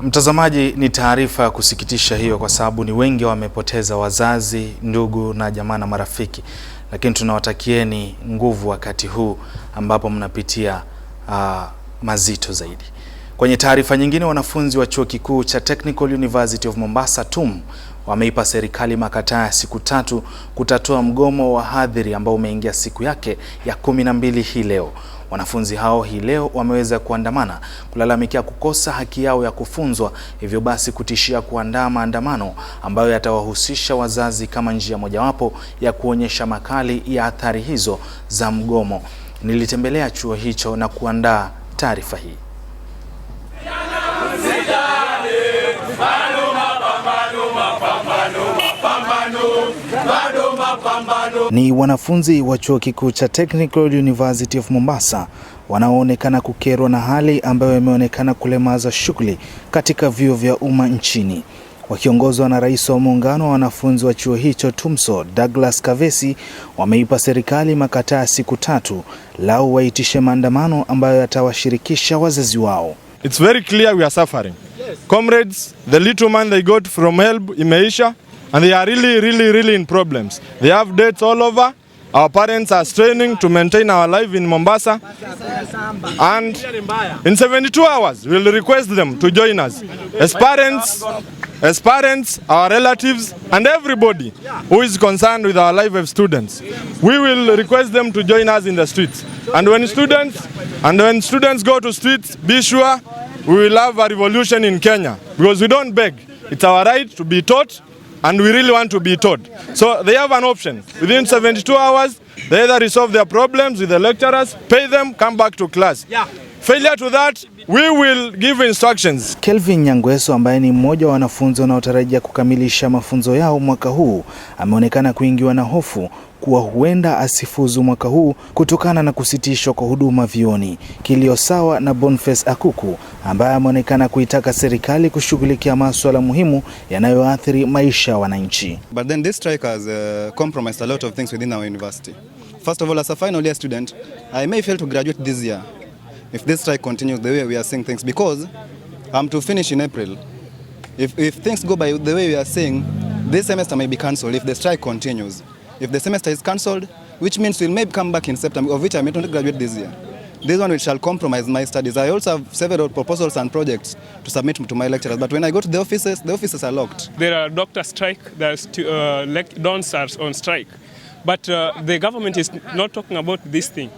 Mtazamaji, ni taarifa ya kusikitisha hiyo, kwa sababu ni wengi wamepoteza wazazi, ndugu na jamaa na marafiki, lakini tunawatakieni nguvu wakati huu ambapo mnapitia uh, mazito zaidi. Kwenye taarifa nyingine, wanafunzi wa chuo kikuu cha Technical University of Mombasa TUM wameipa serikali makataa ya siku tatu kutatua mgomo wa hadhiri ambao umeingia siku yake ya kumi na mbili hii leo. Wanafunzi hao hii leo wameweza kuandamana kulalamikia kukosa haki yao ya kufunzwa, hivyo basi kutishia kuandaa maandamano ambayo yatawahusisha wazazi kama njia mojawapo ya kuonyesha makali ya athari hizo za mgomo. Nilitembelea chuo hicho na kuandaa taarifa hii. Ni wanafunzi wa chuo kikuu cha Technical University of Mombasa wanaoonekana kukerwa na hali ambayo imeonekana kulemaza shughuli katika vyuo vya umma nchini. Wakiongozwa na rais wa muungano wa wanafunzi wa chuo hicho TUMSO, Douglas Kavesi, wameipa serikali makataa siku tatu, lau waitishe maandamano ambayo yatawashirikisha wazazi wao. It's very clear we are suffering. Comrades, the little man they got from help imeisha and they are really, really, really in problems. They have debts all over. Our parents are straining to maintain our life in Mombasa. And in 72 hours, we'll request them to join us. As parents, as parents, our relatives, and everybody who is concerned with our life of students, we will request them to join us in the streets. And when students, and when students go to streets, be sure we will have a revolution in Kenya because we don't beg. It's our right to be taught and we really want to be taught. So they have an option. Within 72 hours, they either resolve their problems with the lecturers, pay them, come back to class. Yeah. Failure to that, we will give instructions. Kelvin Nyangweso ambaye ni mmoja wa wanafunzi wanaotarajia kukamilisha mafunzo yao mwaka huu ameonekana kuingiwa na hofu kuwa huenda asifuzu mwaka huu kutokana na kusitishwa kwa huduma vioni. Kilio sawa na Boniface Akuku ambaye ameonekana kuitaka serikali kushughulikia masuala muhimu yanayoathiri maisha ya wananchi. But then this strike has uh, compromised a lot of things within our university. First of all, as a final year student, I may fail to graduate this year if this strike continues the way we are seeing things because um, to finish in April if, if things go by the way we are seeing this semester may be cancelled if the strike continues if the semester is cancelled which means we'll maybe come back in September of which I may not graduate this year this one which shall compromise my studies I also have several proposals and projects to submit to my lecturers but when I go to the offices the offices are locked there are doctor strike there's uh, dons are on strike but uh, the government is not talking about this thing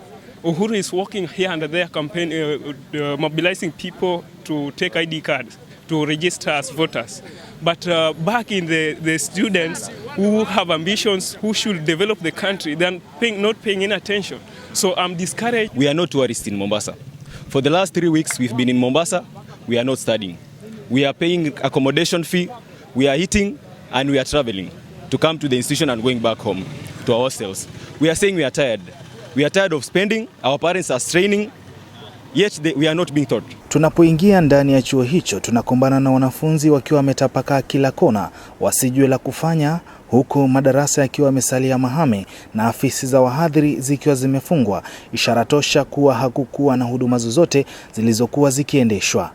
Uhuru is working here and there campaign, uh, uh, mobilizing people to take ID cards to register as voters. But uh, back in the, the students who have ambitions, who should develop the country, they are paying, not paying any attention. So I'm discouraged. We are not tourists in Mombasa. For the last three weeks we've been in Mombasa, we are not studying. We are paying accommodation fee, we are eating, and we are traveling to come to the institution and going back home to ourselves. We are saying we are tired. We are tired of spending. Our parents are straining. Yet they, we are not being taught. Tunapoingia ndani ya chuo hicho tunakumbana na wanafunzi wakiwa wametapakaa kila kona, wasijue la kufanya, huku madarasa yakiwa yamesalia mahame na afisi za wahadhiri zikiwa zimefungwa, ishara tosha kuwa hakukuwa na huduma zozote zilizokuwa zikiendeshwa.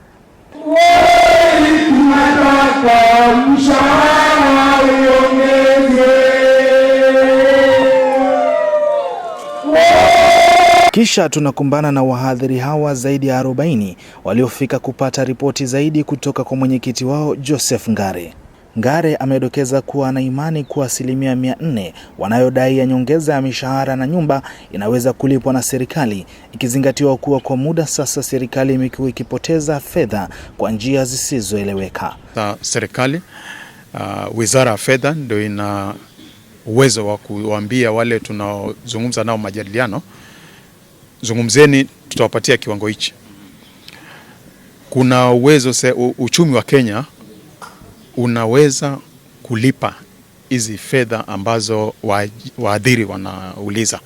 Kisha tunakumbana na wahadhiri hawa zaidi ya 40 waliofika kupata ripoti zaidi kutoka kwa mwenyekiti wao Joseph Ngare. Ngare amedokeza kuwa ana imani kuwa asilimia mia nne wanayodai ya nyongeza ya mishahara na nyumba inaweza kulipwa na serikali, ikizingatiwa kuwa kwa muda sasa serikali imekuwa ikipoteza fedha kwa njia zisizoeleweka. Serikali uh, wizara ya fedha ndio ina uwezo wa kuwaambia wale tunaozungumza nao majadiliano zungumzeni, tutawapatia kiwango hichi. Kuna uwezo se, uchumi wa Kenya unaweza kulipa hizi fedha ambazo waadhiri wanauliza.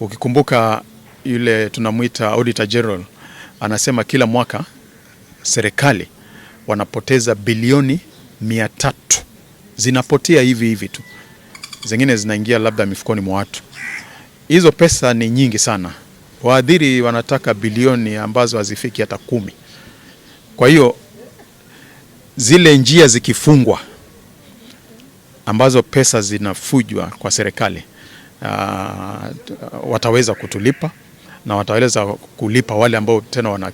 Ukikumbuka yule tunamwita Auditor General anasema kila mwaka serikali wanapoteza bilioni mia tatu zinapotea hivi hivi tu, zingine zinaingia labda mifukoni mwa watu. Hizo pesa ni nyingi sana waadhiri wanataka bilioni ambazo hazifiki hata kumi. Kwa hiyo zile njia zikifungwa ambazo pesa zinafujwa kwa serikali, uh, wataweza kutulipa na wataweza kulipa wale ambao tena wana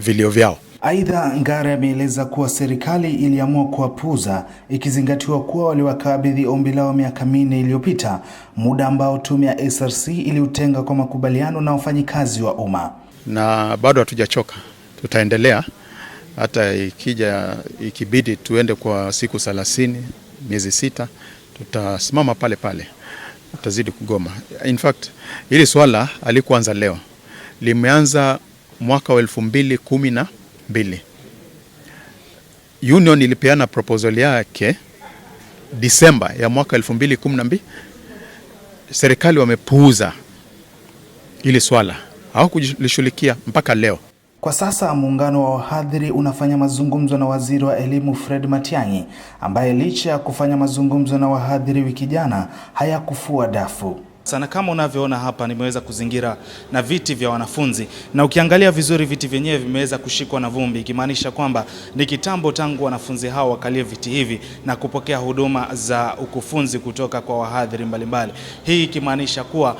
vilio vyao. Aidha, Ngare ameeleza kuwa serikali iliamua kuwapuuza ikizingatiwa kuwa waliwakabidhi ombi lao miaka minne iliyopita, muda ambao tume ya SRC iliutenga kwa makubaliano na wafanyikazi wa umma. Na bado hatujachoka, tutaendelea hata ikija ikibidi tuende kwa siku thelathini, miezi sita, tutasimama pale pale, tutazidi kugoma. In fact hili swala alikuanza leo, limeanza mwaka wa elfu mbili kumi na mbili. Union ilipeana proposal yake Disemba ya mwaka 2012. Serikali wamepuuza ili swala, hawakulishughulikia mpaka leo. Kwa sasa muungano wa wahadhiri unafanya mazungumzo na waziri wa elimu Fred Matiang'i, ambaye licha ya kufanya mazungumzo na wahadhiri wiki jana hayakufua dafu sana. Kama unavyoona hapa, nimeweza kuzingira na viti vya wanafunzi, na ukiangalia vizuri viti vyenyewe vimeweza kushikwa na vumbi, ikimaanisha kwamba ni kitambo tangu wanafunzi hao wakalie viti hivi na kupokea huduma za ukufunzi kutoka kwa wahadhiri mbalimbali, hii ikimaanisha kuwa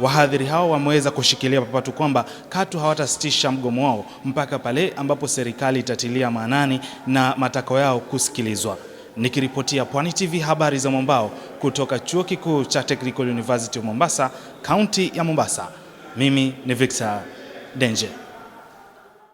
wahadhiri hao wameweza kushikilia papatu kwamba katu hawatasitisha mgomo wao mpaka pale ambapo serikali itatilia maanani na matakwa yao kusikilizwa. Nikiripotia Pwani TV habari za mwambao kutoka Chuo Kikuu cha Technical University of Mombasa, kaunti ya Mombasa. Mimi ni Victor Denje.